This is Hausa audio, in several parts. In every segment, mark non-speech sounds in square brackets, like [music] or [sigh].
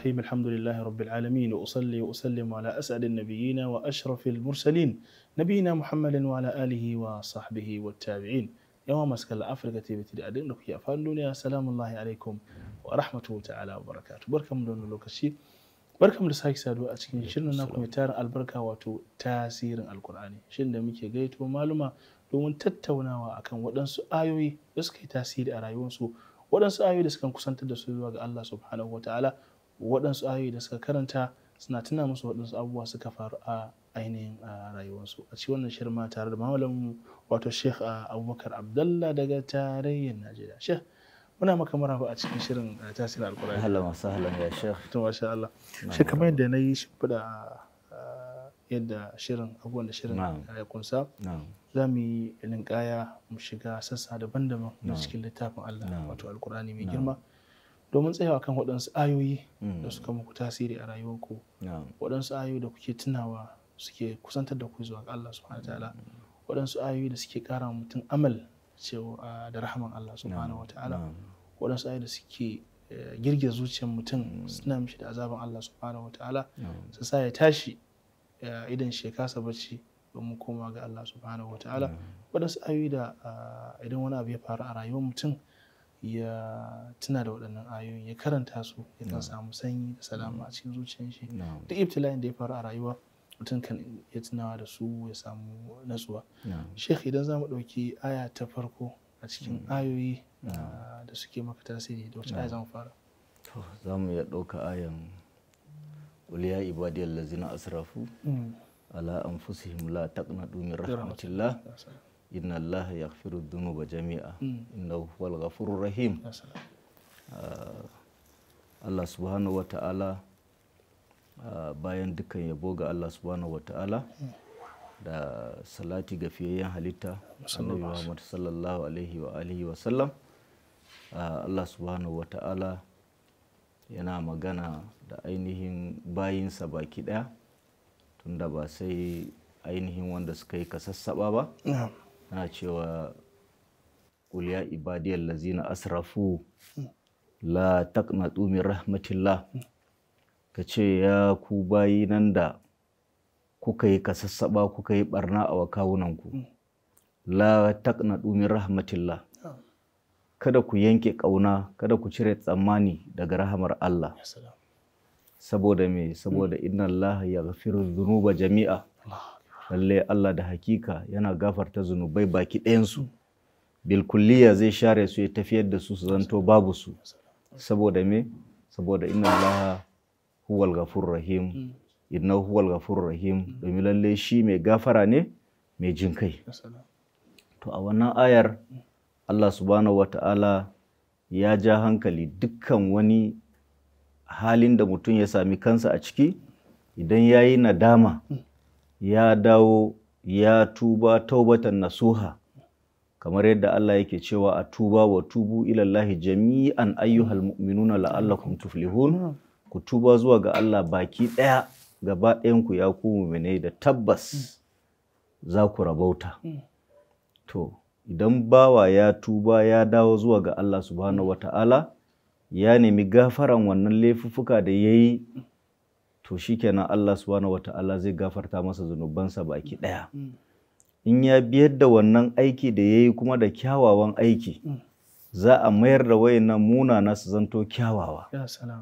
الرحيم الحمد لله رب العالمين وأصلي وأسلم على أسعد النبيين وأشرف المرسلين نبينا محمد وعلى آله وصحبه والتابعين يوم مسكل أفريقا تيبي تدي أدين لك يا يا سلام الله عليكم ورحمة تعالى وبركاته بركم دون لوكشي بركم لسايك سادو أتكين شرنا ناكم يتارن البركة واتو تاسير القرآن شرنا ميكي غيتو معلومة لون تتونا وأكن ودن سؤايوي اسكي تاسير أرايون سو ودن سؤايوي اسكن كسانت دسوي الله سبحانه وتعالى waɗansu ayoyi da suka karanta suna tuna musu waɗansu abubuwa suka faru a ainihin a rayuwarsu a cikin wannan shirin ma tare da malamin wato sheikh abubakar abdallah daga tarayyar najeriya sheikh muna maka maraba a cikin shirin tasirin alkurani halan wasu halan ya sheikh to masha Allah shi kamar yadda na yi shimfiɗa yadda shirin abubuwan da shirin ya kunsa za mu yi linkaya mu shiga sassa daban-daban na cikin littafin Allah wato alkurani mai girma domin tsayawa kan waɗansu ayoyi hmm. da suka muku tasiri a rayuwarku waɗansu ayoyi da kuke tunawa suke kusantar da ku zuwa ga Allah subhanahu ta'ala hmm. waɗansu ayoyi da suke ƙara mutum amal da rahaman Allah subhanahu ta'ala waɗansu ayoyi da suke eh, girgiza zuciyar mutum hmm. suna mishi da azaban Allah subhanahu ta'ala su sa ya tashi idan shi ya kasa bacci domin koma ga Allah subhanahu ta'ala waɗansu ayoyi da idan wani abu ya faru a rayuwar mutum ya tuna da waɗannan ayoyin ya karanta su ya kan samu sanyi da salama a cikin zuciyar shi duk ibtila'in da ya faru a rayuwa mutum kan ya tunawa da su ya samu natsuwa Sheikh idan za mu ɗauki aya ta farko a cikin mm. ayoyi ah, da suke maka tasiri da wacce aya za mu fara za mu iya ɗauka ayan uliya ibadiyar lazina asrafu mm. ala fusihim la taqnatu min rahmatillah inna firu dunu ba jami'a hmm. inna huwal ghafurur rahim ah, Allah subhanahu wa ta'ala ah, bayan dukkan yabo ga Allah subhanahu wa ta'ala hmm. da salati ga fiyayyen halitta annabi Muhammad sallallahu alaihi wa alihi wa sallam ah, Allah subhanahu wa ta'ala yana magana da ainihin bayinsa baki daya tunda ba sai ainihin wanda suka yi kasassaba ba na cewa kuliya ibadiyar lazina asrafu la taqnatu min rahmatillah ka ce ya ku bayi nan da kuka yi kasassaba kuka yi barna a wakawunanku la taqnatu min rahmatillah kada ku yanke ƙauna kada ku cire tsammani daga rahamar Allah saboda me saboda hmm. inna Allah ya gafiru zunuba jami'a lalle Allah da hakika yana gafarta zunubai baki ɗayansu bilkulliya zai share su ya tafiyar da su su zanto babu su saboda me saboda inna Allah huwal ghafur rahim mm. inna huwal ghafur rahim mm. domin lalle shi mai gafara ne mai jin kai to a wannan ayar Allah subhanahu wata'ala ya ja hankali dukkan wani halin da mutum ya sami kansa a ciki idan ya yi nadama mm. ya dawo ya tuba taubatan nasuha kamar yadda Allah yake cewa a tuba wa tubu ilallahi jami'an ayyuhal mu'minuna la'allakum tuflihun ku tuba zuwa ga Allah baki ɗaya gaba ɗayanku ya ku mu'minai da tabbas za ku rabauta to idan bawa ya tuba ya dawo zuwa ga Allah subhanahu wata'ala ya nemi gafaran wannan laifuffuka da ya yi to shi kenan Allah subhanahu wata'ala zai gafarta masa zunubansa baki mm. daya mm. in ya biyar da wannan aiki da yayi kuma da kyawawan aiki mm. za a mayar da wayannan munana su zanto kyawawa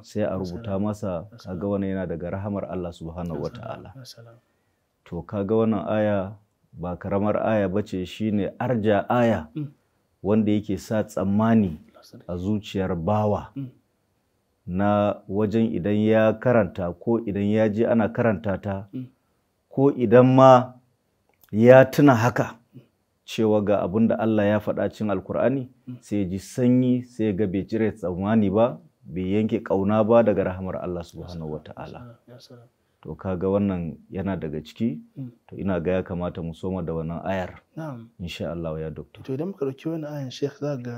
sai a rubuta masa kaga wannan yana daga rahamar Allah subhanahu wata'ala to kaga wannan aya ba karamar aya bace shine arja aya wanda yake sa tsammani a zuciyar bawa na wajen idan ya karanta ko idan ya je ana karanta ta mm. ko idan ma ya tuna haka cewa ga abin da Allah ya faɗa cin alkur'ani mm. sai ji sanyi sai ga bai cire tsammani ba bai yanke ƙauna ba daga rahamar Allah subhanahu wa ta'ala. to kaga wannan yana daga ciki mm. to ina ga ya kamata mu soma da wannan ayar insha Allah ya doktor to idan muka dauki wannan ayar sheikh za ga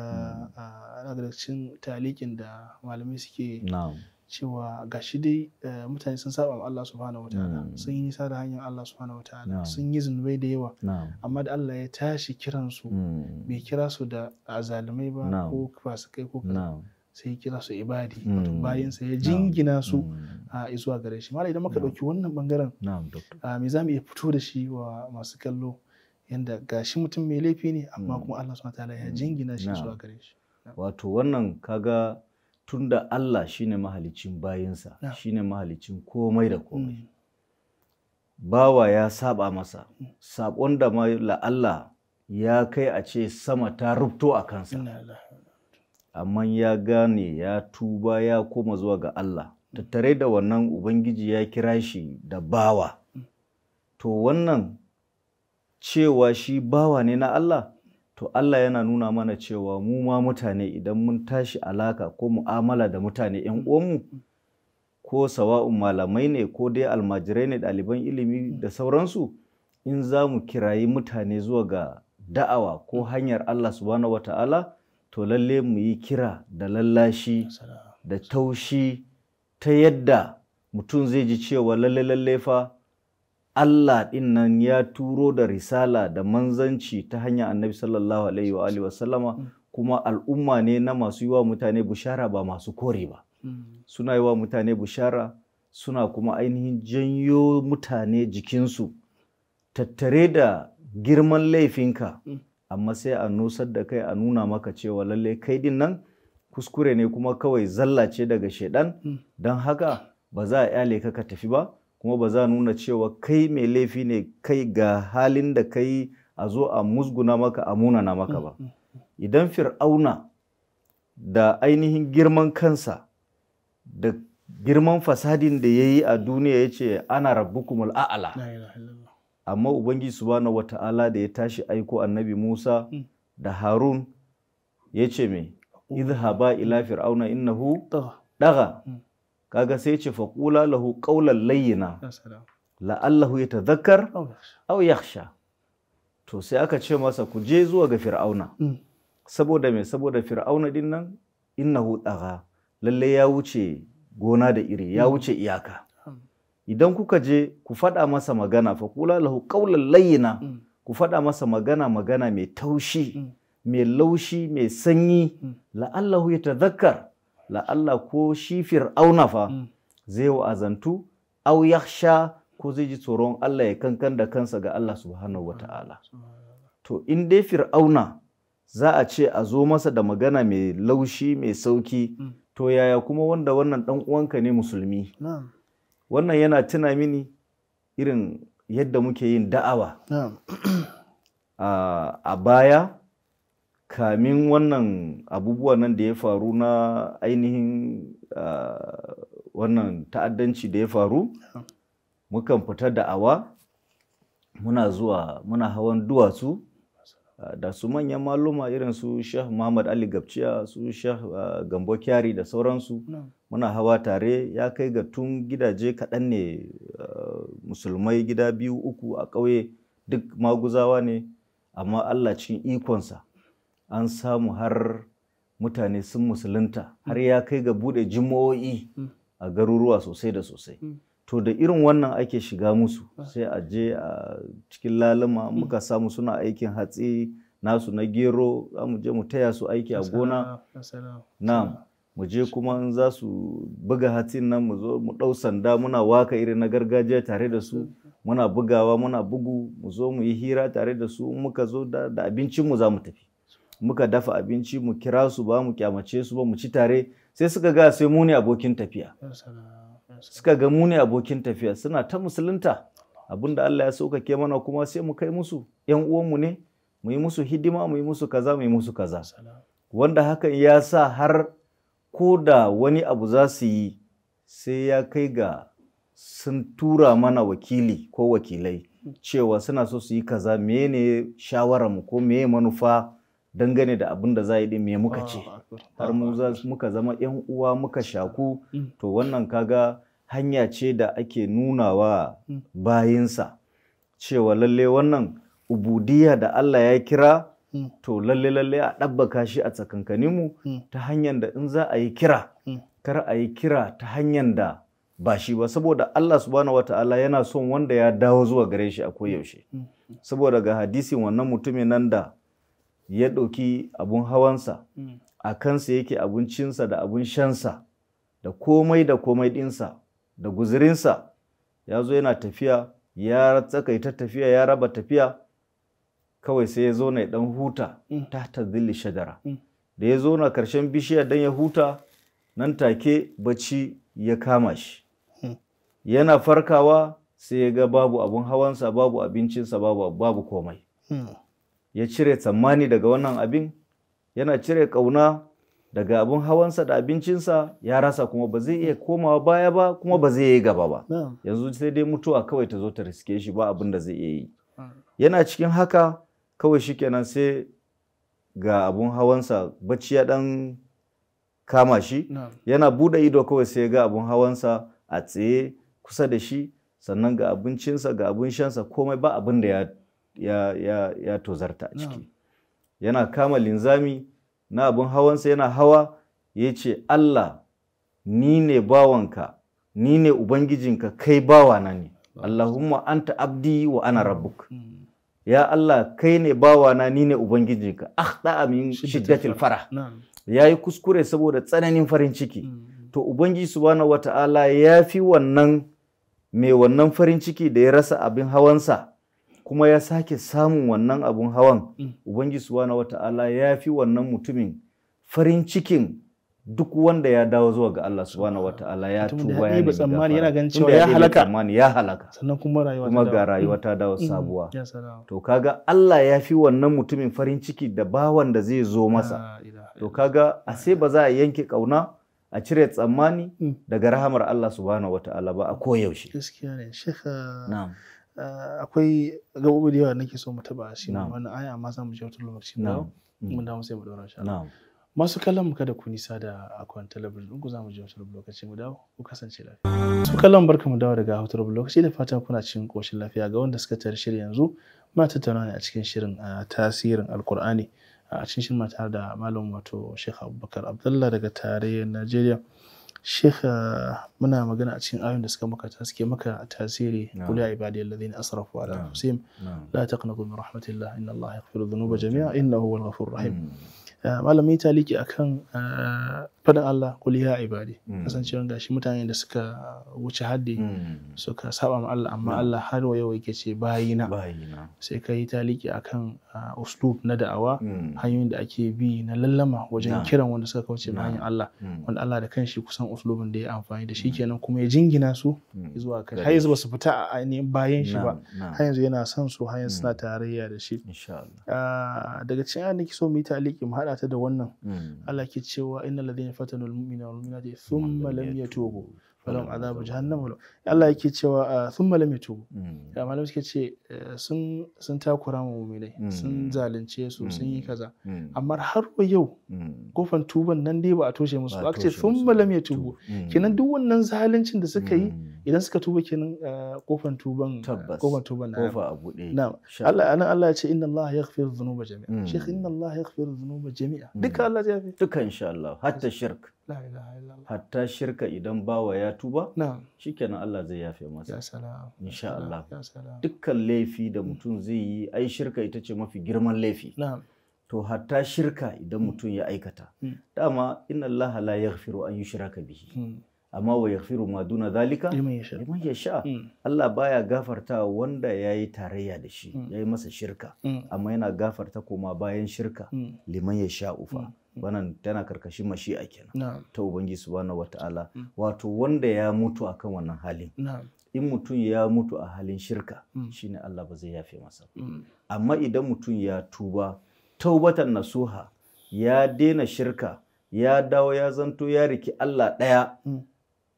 mm. ana cikin talikin da malamai suke cewa gashi dai eh, mutane sun saba wa Allah subhanahu wataala mm. sun yi nisa hanyar Allah subhanahu wataala sun yi zunubai da yawa amma da Allah ya tashi kiransu bai kira su da azalumai ba ko fasikai ko kaza sai kira su ibadi hmm. wato bayan sa ya jingina su hmm. a zuwa gare shi mala idan muka dauki wannan bangaren me za mu iya fito da shi wa masu kallo yanda shi mutum mai laifi ne amma hmm. kuma Allah subhanahu wataala ya jingina shi zuwa gare shi wato wannan kaga tunda Allah shine mahalicin shi shine mahalicin komai da komai bawa ya saba masa sabon da ma Allah ya kai a ce sama ta rubto a kansa amma ya gane ya tuba ya koma zuwa ga Allah tattare da wannan ubangiji ya kira shi da bawa to wannan cewa shi bawa ne na Allah to Allah yana nuna mana cewa mu ma mutane idan mun tashi alaka ko mu'amala da mutane 'yan uwanmu ko sawa'un malamai ne ko dai almajirai ne ɗaliban ilimi da sauransu in za mu kirayi mutane zuwa ga da'awa ko hanyar Allah subhanahu wata'ala to lalle mu yi kira da lallashi da taushi ta yadda mutum zai ji cewa lalle lalle fa Allah ɗin nan ya turo da risala da manzanci ta hanyar annabi sallallahu alaihi wa alihi wasallama mm. kuma al'umma ne na masu yi wa mutane bushara ba masu kore ba mm. suna yi wa mutane bushara suna kuma ainihin janyo mutane jikinsu tattare da girman laifinka mm. amma sai a nusar da kai a nuna maka cewa lallai kai din nan kuskure ne kuma kawai zalla ce daga shaidan hmm. don haka ba za a yale ka ka tafi ba kuma ba za a nuna cewa kai mai laifi ne kai ga halin da kai a zo a musguna maka a munana maka hmm, ba hmm, idan fir'auna da ainihin girman kansa da girman fasadin da ya yi a duniya ya ce ana rabbukumul a'ala amma ubangiji subhanahu wata'ala da ya tashi aiko annabi Musa hmm. da Harun ya ce me idhaba ila fir'auna innahu daga hmm. kaga sai ce faqula lahu qawlan layyina la'allahu yatadhakkar aw yakhsha to sai aka ce masa ku je zuwa ga fir'auna hmm. saboda me saboda fir'auna din nan innahu daga lalle ya wuce gona da iri ya wuce iyaka idan kuka je ku faɗa masa magana fa kula lahu qawlan layyina mm. ku faɗa masa magana magana mai taushi mm. mai laushi mai sanyi mm. la'allahu yatadhakkar la'alla ko shi fir'auna fa zai wa'azantu au ya sha ko zai ji tsoron Allah ya kankan da kansa ga Allah subhanahu wa ta'ala. to in dai fir'auna za a ce a zo masa da magana mai laushi mai sauki to yaya kuma wanda wannan dan uwanka ne musulmi wannan yana tuna mini irin yadda muke yin da'awa a baya kamin wannan abubuwa nan da ya faru na ainihin wannan ta'addanci da ya faru mukan fita da'awa muna zuwa muna hawan duwatsu da su manyan maluma irin su shah muhammad ali gabciya su shah gambo kyari da sauransu muna hawa tare ya kai ga tun gidaje kaɗan ne eh, musulmai gida biyu uku a ƙauye duk maguzawa ne amma allah cikin ikonsa an samu har mutane sun musulunta har ya kai ga buɗe jim'o'i a garuruwa sosai da sosai to da irin wannan ake shiga musu sai a je a cikin lalima muka samu suna aikin hatsi nasu na gero za mu je mu taya su aiki a gona na'am mu je kuma in za su buga hatin nan mu zo mu ɗau sanda muna waka irin na gargajiya tare da su muna bugawa muna bugu mu zo mu yi hira tare da su muka zo da, abincin abincinmu za mu tafi muka dafa abinci mu kira su ba mu kyamace su ba mu ci tare sai suka ga sai mu ne abokin tafiya suka ga mu ne abokin tafiya suna ta musulunta abinda Allah ya saukake mana kuma sai mu kai musu yan uwanmu ne mu yi musu hidima mu yi musu kaza mu yi musu kaza wanda hakan ya sa har ko da wani abu za su yi sai ya kai ga sun tura mana wakili ko wakilai cewa suna so su yi kaza mene shawararmu ko meye manufa dangane da abin da za yi me muka ce har mu muka zama yan uwa muka shaku mm. to wannan kaga hanya ce da ake nunawa mm. bayinsa cewa lalle wannan ubudiya da Allah ya kira Hmm. to lalle lalle a ɗabbaka shi a tsakankanin mu hmm. ta hanyar da in za a yi kira hmm. kar a yi kira ta hanyar da ba shi ba saboda Allah subhanahu wata'ala yana son wanda ya dawo zuwa gare shi a koyaushe saboda ga hadisin wannan mutumin nan da ya ɗauki abun hawansa a kansa yake abincinsa da abun shansa da komai da komai ɗinsa da guzurinsa ya zo yana tafiya ya tsakaita tafiya ya raba tafiya kawai sai ya zo na dan huta mm. ta ta zilli shajara mm. da ya zo na karshen bishiya dan ya huta nan take bacci ya kama shi mm. yana farkawa sai ya ga babu abun hawansa babu abincinsa babu babu komai ya cire tsammani daga wannan abin yana cire ƙauna daga abin hawansa da abincinsa ya rasa kuma ba zai iya komawa baya ba kuma ba zai yi gaba ba yanzu sai dai mutuwa kawai ta zo ta riske shi ba abin da zai iya yi yana cikin haka kawai shi kenan sai ga abun hawansa bacci ya dan kama shi yana bude ido kawai sai ga abun hawansa a tsaye kusa da shi sannan ga abincinsa ga abun shansa komai ba abin da ya, tozarta a ciki yana kama linzami na abin hawansa yana hawa ya ce Allah ni ne bawanka ni ne ubangijinka kai bawa na ne no. Allahumma anta abdi wa ana rabbuk mm. ya Allah kai ne bawana ni ne ubangijinka akhta amin shiddatil farah yayi kuskure saboda tsananin farin ciki mm. to ubangiji subhanahu wata'ala ya fi wannan mai wannan farin ciki da ya rasa abin hawansa kuma ya sake samun wannan abin hawan mm. ubangiji subhanahu wata'ala ya fi wannan mutumin farin cikin duk wanda ya dawo zuwa ga Allah subhanahu wataala ya tuba ya nemi tsammani yana ganin cewa ya halaka tsammani ya halaka sannan kuma rayuwa kuma ga rayuwa ta dawo mm-hmm. sabuwa to kaga Allah ya fi wannan mutumin farin ciki da bawan da zai zo masa to kaga a sai ba za a yanke kauna a cire tsammani mm. daga rahamar Allah subhanahu wataala ba a koyaushe gaskiya ne shekha uh, na'am uh, akwai gabobi da yawa nake so mu taba shi wannan aya amma za mu je wata lokaci mun mm. dawo mu sai mu dora shi na'am masu kallon mu kada ku nisa da akwai talabijin ɗinku za mu lokaci mu dawo ku kasance lafiya masu kallon barka mu dawo daga hautar lokaci da fata kuna cikin ƙoshin lafiya ga wanda suka tare shiri yanzu ma tattauna ne a cikin shirin tasirin alkur'ani a cikin shirin tare da malam wato sheikh abubakar abdullah daga tarayyar najeriya sheikh muna magana a cikin ayoyin da suka maka suke maka tasiri kula ibadiyar ladina asrafu ala anfusihim la taqnatu min rahmatillah inna ya yaghfiru dhunuba jami'a inna huwal ghafurur rahim hmm. Eh, malamin ta liki akan eh, faɗin Allah kul ya ibadi mm. kasancewa gashi mutane da suka wuce haddi mm. suka saba ma Allah amma mm. Allah har wa yau yake ce bayina sai ka yi taliki akan uslub na da'awa hanyoyin da ake bi na lallama wajen kiran wanda suka kauce ma Allah wanda Allah da kanshi kusan uslubin da ya amfani da shi kenan kuma ya jingina su zuwa kai har yanzu ba su fita a ainihin bayan shi ba har yanzu yana son su har yanzu suna tarayya da shi ah, daga cikin ki so mu yi taliki mu haɗa ta da wannan Allah ke cewa innal ladina fatanu almu'mina wal thumma lam yatubu falon azabu jahannam wala Allah yake cewa sun ah, malame tubu mm. ya malam suke ce eh, sun takura mu mu'minai mm. sun zalunce su sun yi mm. kaza amma har yau kofan tuban nan dai ba a toshe musu ba ce sun malame tubu kenan duk wannan zaluncin da suka yi idan suka tuba kenan eh, kofan tuban eh, kofan tuban na kofa a bude Allah anan Allah ya ce inna Allah yaghfiru dhunuba jami'a sheikh inna Allah yaghfiru dhunuba jami'a duka Allah ya yafi duka insha Allah hatta shirk hatta shirka idan bawa ya tuba shikenan Allah zai yafe masa insha Allah dukkan laifi da mutum zai yi ai shirka ita ce mafi girman laifi to hatta shirka idan mutum ya aikata hmm. dama inna Allah la yaghfiru an yushraka bihi hmm. amma wa yaghfiru ma duna zalika liman yasha hmm. Allah baya gafarta wanda yayi tarayya da shi yayi masa shirka amma yana gafarta koma bayan shirka liman yasha ufa wannan tana karkashin mashi'a kenan ta ubangiji subhanahu wata'ala mm. wato wanda ya mutu akan wannan halin in mutum ya mutu a halin shirka mm. shine Allah ba zai yafe masa mm. amma idan mutum ya tuba taubatan nasuha ya daina shirka ya dawo ya zanto ya riki Allah ɗaya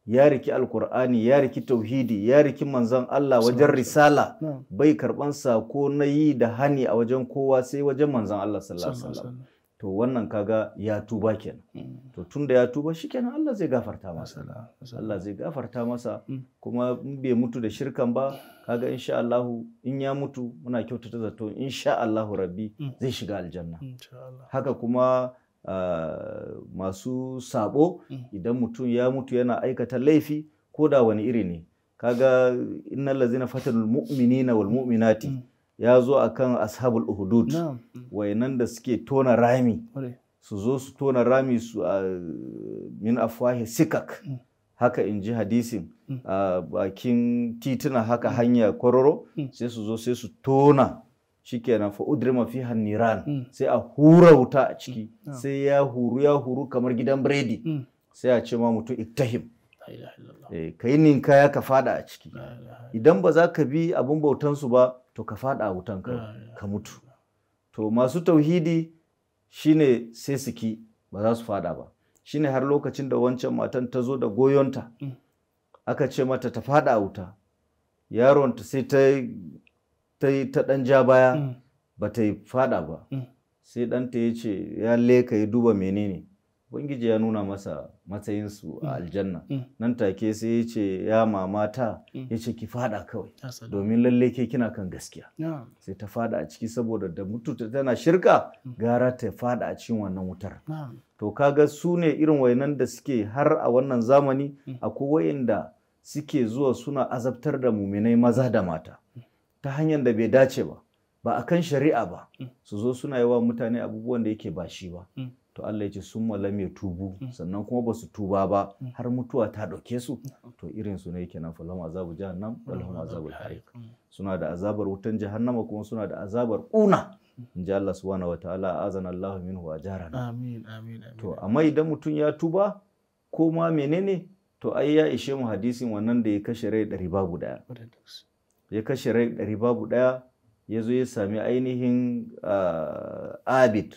ya riki alkur'ani ya riki tauhidi ya riki manzan Allah wajen risala bai karban sako na yi da hani a wajen kowa sai wajen manzan Allah sallallahu to wannan kaga ya tuba kenan hmm. to tun da ya tuba shikenan Allah zai gafarta masa Allah zai gafarta masa hmm. kuma in bai mutu da shirkan ba kaga insha Allah in ya mutu muna kyautata zato insha Allah rabbi hmm. zai shiga aljanna haka kuma ah, masu sabo idan mutum ya mutu yana aikata laifi ko da wani iri ne kaga innal ladzina fatanul mu'minina wal mu'minati ya zo a kan ashabul uhudud wayannan da suke tona rami su zo su tona rami su a min afwahi sikak mm. haka in ji hadisin mm. a bakin tituna haka hanya kwararo mm. sai su zo sai su tona shikenan fa udrima fiha niran sai a hura wuta a ciki sai ya huru ya huru kamar gidan biredi sai a ce ma mutum iktahim eh, ka yi ninka ya ka fada a ciki idan ba za ka bi abin bautansu ba to ka fada wutan ka ah, ka mutu to masu tauhidi shine sai su ki ba za su fada ba shine har lokacin da wancan matan ta zo da goyonta mm. aka ce mata ta fada a wuta yaronta sai ta ta dan ja baya mm. ba ta yi fada ba mm. sai ɗanta ya ce ya leka ya duba menene ubangiji ya nuna masa matsayinsu a mm. aljanna mm. nan take sai ya ce ya mamata mm. ya ce ki fada kawai domin lalle ke kina kan gaskiya sai ta fada a ciki saboda da mutu tana shirka gara ta fada a cikin wannan wutar to kaga su ne irin wayannan da suke har a wannan zamani a akwai wayanda suke zuwa suna azabtar da muminai maza da mata ta hanyar da bai dace ba ba kan shari'a ba su zo suna yi wa mutane abubuwan da yake ba shi ba to Allah ya ce sun malam ya tubu mm. sannan kuma ba su tuba ba mm. har mutuwa ta ɗauke su mm. to irin su ne yake nan falam azabu jahannam walahum azabu hariq suna da azabar wutan jahannama kuma suna da azabar kuna in ji Allah subhanahu wa ta'ala azana Allah minhu ajarana amin amin to amma idan mutum ya tuba ko ma menene to ai ya ishe mu hadisin wannan da ya kashe rai ɗari babu ɗaya ya kashe rai ɗari babu ɗaya ya zo ya sami ainihin ah, abid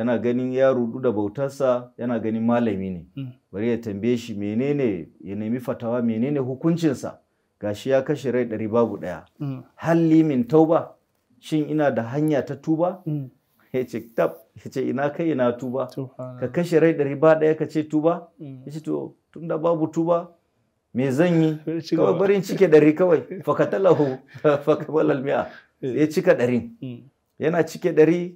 yana ganin ya rudu da bautarsa yana ganin malami ne mm. bari ya tambaye shi menene ya nemi fatawa menene hukuncinsa gashi ya kashe rai ɗari babu ɗaya mm. halli min tauba shin ina da hanya ta tuba mm. ya ce tab ya ce ina kai ina tuba ka kashe rai ɗari ba ɗaya ka ce tuba ya ce to da babu tuba me zan yi [laughs] kawai barin cike ɗari kawai fakatalahu [laughs] fakabalal mi'a eh. ya cika ɗari yana cike ɗari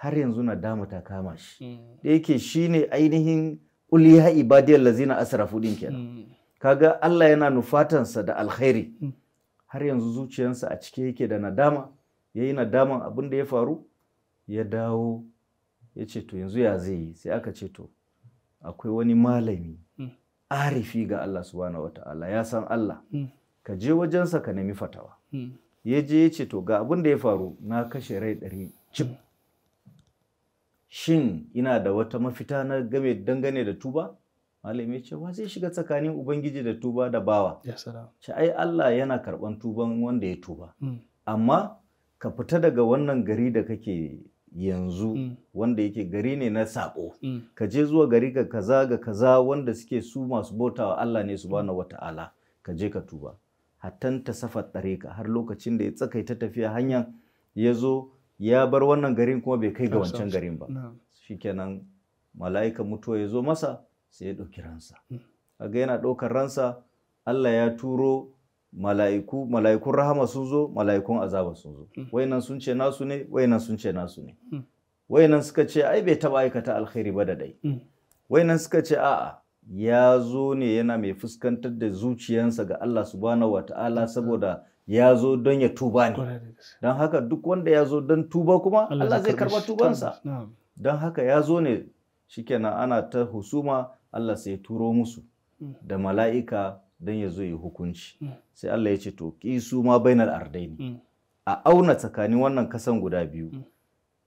har yanzu na dama ta kama shi mm. da yake ne ainihin qul ha ibadiyar lazina asrafu din kenan mm. kaga Allah yana nufatansa da alkhairi mm. har yanzu zuciyarsa a cike yake da nadama yayi nadaman abin da ya faru ya dawo ya ce to yanzu ya zai yi sai aka ce to akwai wani malami arifi ga Allah subhanahu wata'ala ya san Allah ka je wajensa ka nemi fatawa ya je ya ce to ga abin da ya faru na kashe rai ɗari cip shin ina da wata mafita na game dangane da tuba malam ya ce wa zai shiga tsakanin ubangiji da tuba da bawa ce ai Allah yana karban tuban wanda ya tuba mm. amma ka fita daga wannan gari da kake yanzu mm. wanda yake gari ne na sako mm. ka je zuwa gari ka kaza ga kaza wanda suke su masu wa Allah ne su subhanahu wata'ala ka je ka tuba hattan ta safa tsareka har lokacin da ya tsakaita tafiya hanyar ya zo ya bar wannan garin kuma bai kai ga wancan garin ba shikenan mala'ika mutuwa ya zo masa sai ya ɗauki ransa hmm. kaga yana ɗaukar ransa Allah ya turo mala'iku mala'ikun rahama sun zo mala'ikun azaba sun zo hmm. wayannan sun ce nasu ne wayannan sun ce nasu ne hmm. wayannan suka ce ai bai taba aikata alkhairi ba da dai wayannan suka ce a'a ya zo ne yana mai fuskantar da zuciyansa ga Allah subhanahu wata'ala saboda ya zo don ya tuba ne don haka duk wanda ya zo don tuba kuma Allah zai karba tubansa don haka ya zo ne shikenan ana ta husuma Allah sai turo musu mm. da mala'ika don ya zo yi hukunci mm. sai Allah ya ce to kisu ma bainal ardaini mm. a auna tsakanin wannan kasan guda biyu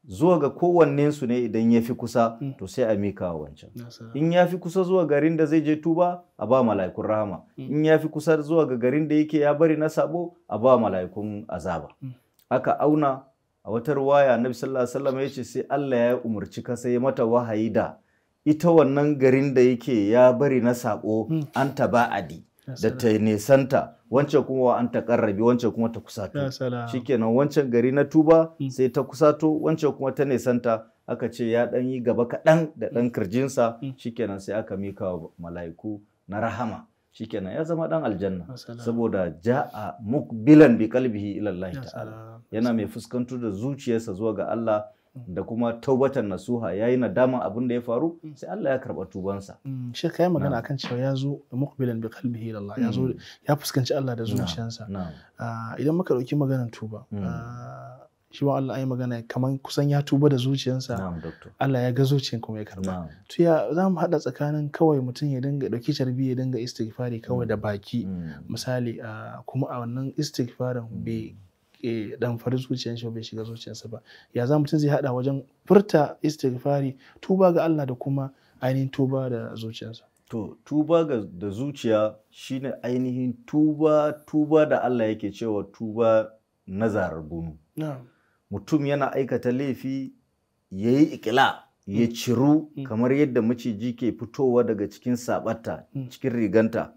zuwa ga kowannensu ne idan ya fi kusa mm. to sai a mika wancan in ya fi kusa zuwa garin da zai je tuba a ba mala'ikun rahama mm. in ya fi kusa zuwa ga garin da yake ya bari na sabo a ba mala'ikun azaba mm. aka auna a wata ruwaya na sallallahu alaihi wasallam ya ce sai Allah ya umarci ka sai mata wahayi da ita wannan garin da yake ya bari na sabo an taba'adi da ta nisanta wancan kuma an ta wancan kuma ta kusato shikenan wancan gari na tuba mm. sai ta kusato wancan kuma ta nisanta aka ce ya ɗan yi gaba kaɗan da ɗan mm. kirjinsa mm. shikenan sai aka mika wa mala'iku na rahama shikenan ya zama ɗan aljanna saboda ja'a mukbilan bi kalbihi ila ta'ala yana mai fuskantu da zuciyarsa zuwa ga Allah da kuma taubatan nasuha yayi nadaman abin da ya faru mm. sai Allah ya karba tubansa mm, shi kai magana akan cewa ya zo mukbilan bi kalbihi da Allah mm. ya fuskanci Allah da zuciyansa ah, idan muka ɗauki maganar tuba ah, shi wa Allah ayi magana kamar kusan ya tuba da zuciyansa Allah ya ga zuciyan kuma ya karba to ya za mu haɗa tsakanin kawai mutum ya dinga ɗauki carbi ya dinga istighfari kawai da baki misali ah, kuma a wannan istighfarin bai Eh, dan damfarin zuciyar shi bai shiga zuciyarsa ba ya za mutum zai hada wajen furta istighfari tuba ga Allah da kuma ainihin tuba da zuciyarsa to tuba ga da zuciya shine ainihin tuba tuba da Allah yake cewa tuba na zarar mutum yana aikata laifi yayi ikila ya mm. ciru mm. kamar yadda maciji ke fitowa daga cikin sabatta mm. cikin riganta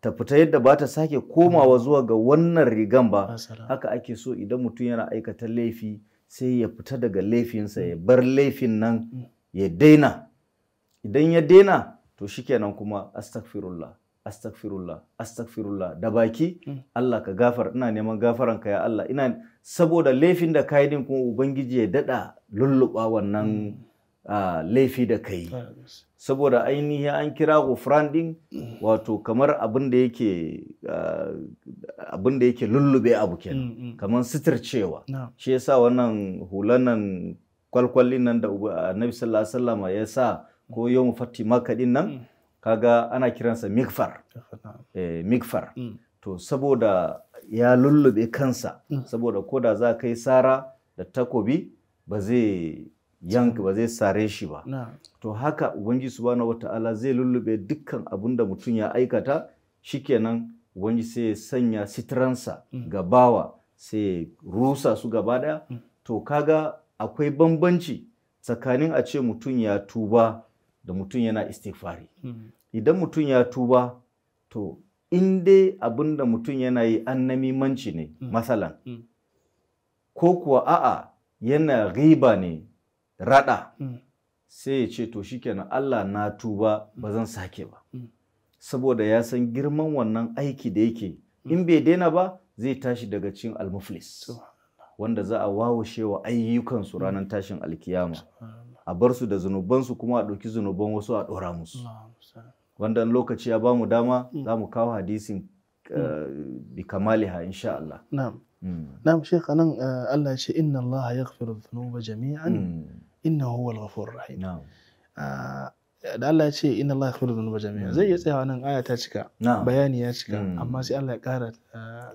ta fita yadda ba ta sake komawa mm. zuwa ga wannan rigan ba haka ake so idan mutum yana aikata laifi sai ya fita daga laifinsa ya mm. bar laifin nan mm. ya daina idan ya daina to shikenan kuma astagfirullah astagfirullah astagfirullah da baki Allah ka gafar ina neman gafaran ka ya Allah ina saboda laifin da kai din kuma ubangiji ya dada lulluɓa wannan ah, laifi da kai saboda ainihi an kira gufran din mm. wato kamar ah, abin da yake lullube abu kenan mm, mm. kamar cewa, shi ya sa wannan hulan nan kwalkwallin nan da annabi sallallahu alaihi wasallam ya sa ko mu fatti maka din nan kaga ana kiransa mikfar mikfar eh, to saboda ya lullube kansa saboda koda za kai sara da takobi ba zai yank ba zai sare shi ba to haka ubangi subhanahu wata'ala zai lullube dukkan abun da mutum ya aikata shikenan ubangiji sai ya sanya sitransa mm. ga bawa sai ya rusa su gaba daya mm. to kaga akwai bambanci tsakanin a ce mutum ya tuba da mutum yana istighfari mm. idan mutum ya tuba to in dai abin da mutum yana yi annamimanci ne masalan ko kuwa a'a yana riba ne raɗa mm. sai ya ce to shikenan Allah na tuba ba zan sake ba mm. saboda ya san girman wannan aiki da yake mm. in bai daina ba zai tashi daga cikin almuflis wanda za a wawashe wa ayyukansu ranar tashin alkiyama a bar su da zunubansu kuma a ɗauki zunuban wasu a ɗora musu wanda lokaci ya ba mu dama za mu kawo hadisin eh, bi kamaliha insha Allah na'am na'am shekha nan eh, Allah ya ce inna Allah ya jami'an innahu huwal ghafur rahim ah, da Allah ya ce inna Allah yaghfiru dhunuba jami'a zai iya tsayawa nan aya ta cika bayani ya cika hmm. amma sai Allah ya ƙara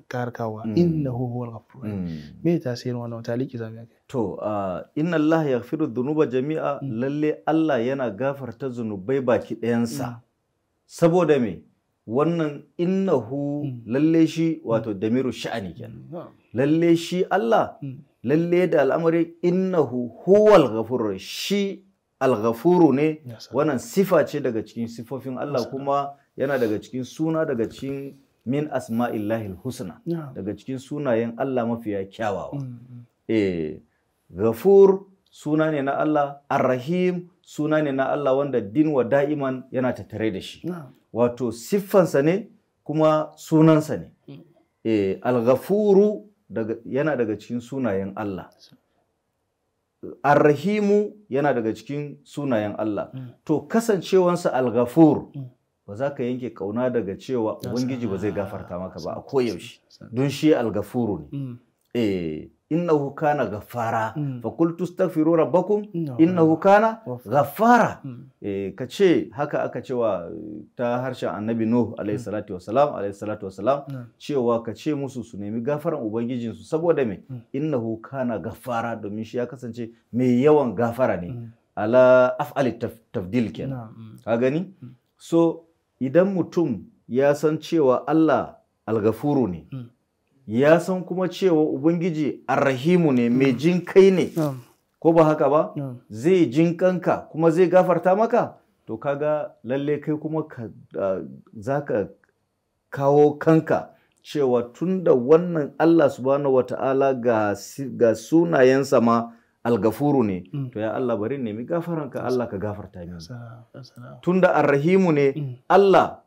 karkawa ah, hmm. inna huwal ghafurur rahim hmm. me tasirin wannan taliki zamu kai to ah, inna Allah yaghfiru dhunuba jami'a lalle Allah yana gafarta zunubai baki ɗayansa saboda me wannan innahu lalle shi wato damiru sha'ani kenan lalle shi Allah lalle da al'amari innahu huwal ghafur shi al ne wannan sifa ce daga cikin sifofin Allah kuma yana daga cikin suna daga cikin min asma'illahil husna daga cikin sunayen Allah mafiya kyawawa mm, mm. eh ghafur suna ne na Allah arrahim suna ne na Allah wanda din wa da'iman yana tattare da shi wato siffansa ne kuma sunansa ne mm. eh al yana daga cikin sunayen Allah arrahimu yana daga cikin sunayen Allah mm. to kasancewansa al-ghafur mm. ba za ka yanke kauna daga cewa ubangiji ba zai gafarta maka ba a koyaushe don shi al-ghafuru ne mm. eh innahu kana ghaffara mm. fa kul astaghfiru rabbakum innahu kana ghaffara mm. eh, ka ce haka aka cewa ta harshen annabi nuh mm. alayhi salatu wasalam alayhi salatu wasalam cewa kace musu su nemi gafaran ubangijin su saboda me innahu kana ghaffara domin shi ya kasance mai yawan gafara ne ala af'ali tafdil kenan ka gani so idan mutum ya san cewa Allah algafuru ne ya san kuma cewa ubangiji arrahimu ne mai mm. jin kai ne mm. ko ba haka ba mm. zai jin kanka kuma zai gafarta maka to kaga lalle kai kuma za ka kawo kanka cewa tunda wannan Allah subhanahu wa ta'ala ga sunayensa ma algafuru ne to ya Allah bari nemi gafaranka Allah ka gafarta ne. tunda arrahimu ne Allah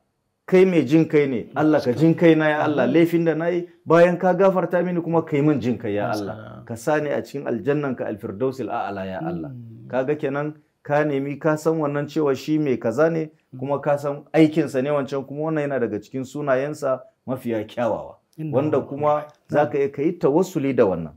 kai mai jin kai ne Allah ka jin kai na ya Allah laifin da na yi bayan ka gafarta mini kuma kai min jin kai ya Allah ka sa ni a cikin aljannan ka alfirdausil a'ala ya Allah hmm. ka ga kenan ka nemi ka san wannan cewa shi mai kaza ne kuma ka san aikinsa ne wancan kuma wannan yana daga cikin sunayensa mafiya kyawawa wanda kuma za ka ka yi tawassuli da wannan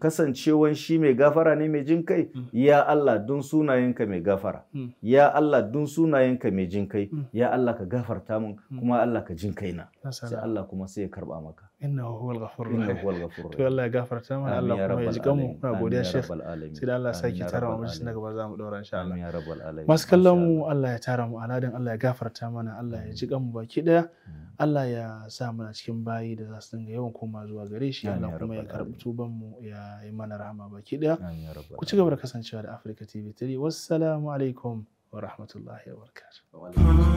kasancewan shi mai gafara ne mai jin kai mm. ya Allah dun sunayenka mai gafara mm. ya Allah dun sunayenka mai jin kai mm. ya Allah ka gafarta min kuma Allah ka jin na. sai Allah kuma sai ya karba maka innahu huwal ghafurur rahim huwal ghafurur to Allah ya gafarta mana Allah kuma ya ji kanmu muna godiya shek sai da Allah ya saki tara mu majalisi na gaba za mu daura insha Allah masu kallon mu Allah ya tara mu aladan Allah ya gafarta mana Allah ya ji kanmu baki daya Allah ya sa mana cikin bayi da za su dinga yawan koma zuwa gare shi Allah kuma ya karbi tuban mu ya yi mana rahama baki daya ku ci gaba da kasancewa da Africa TV 3 wassalamu alaikum wa rahmatullahi wa barakatuh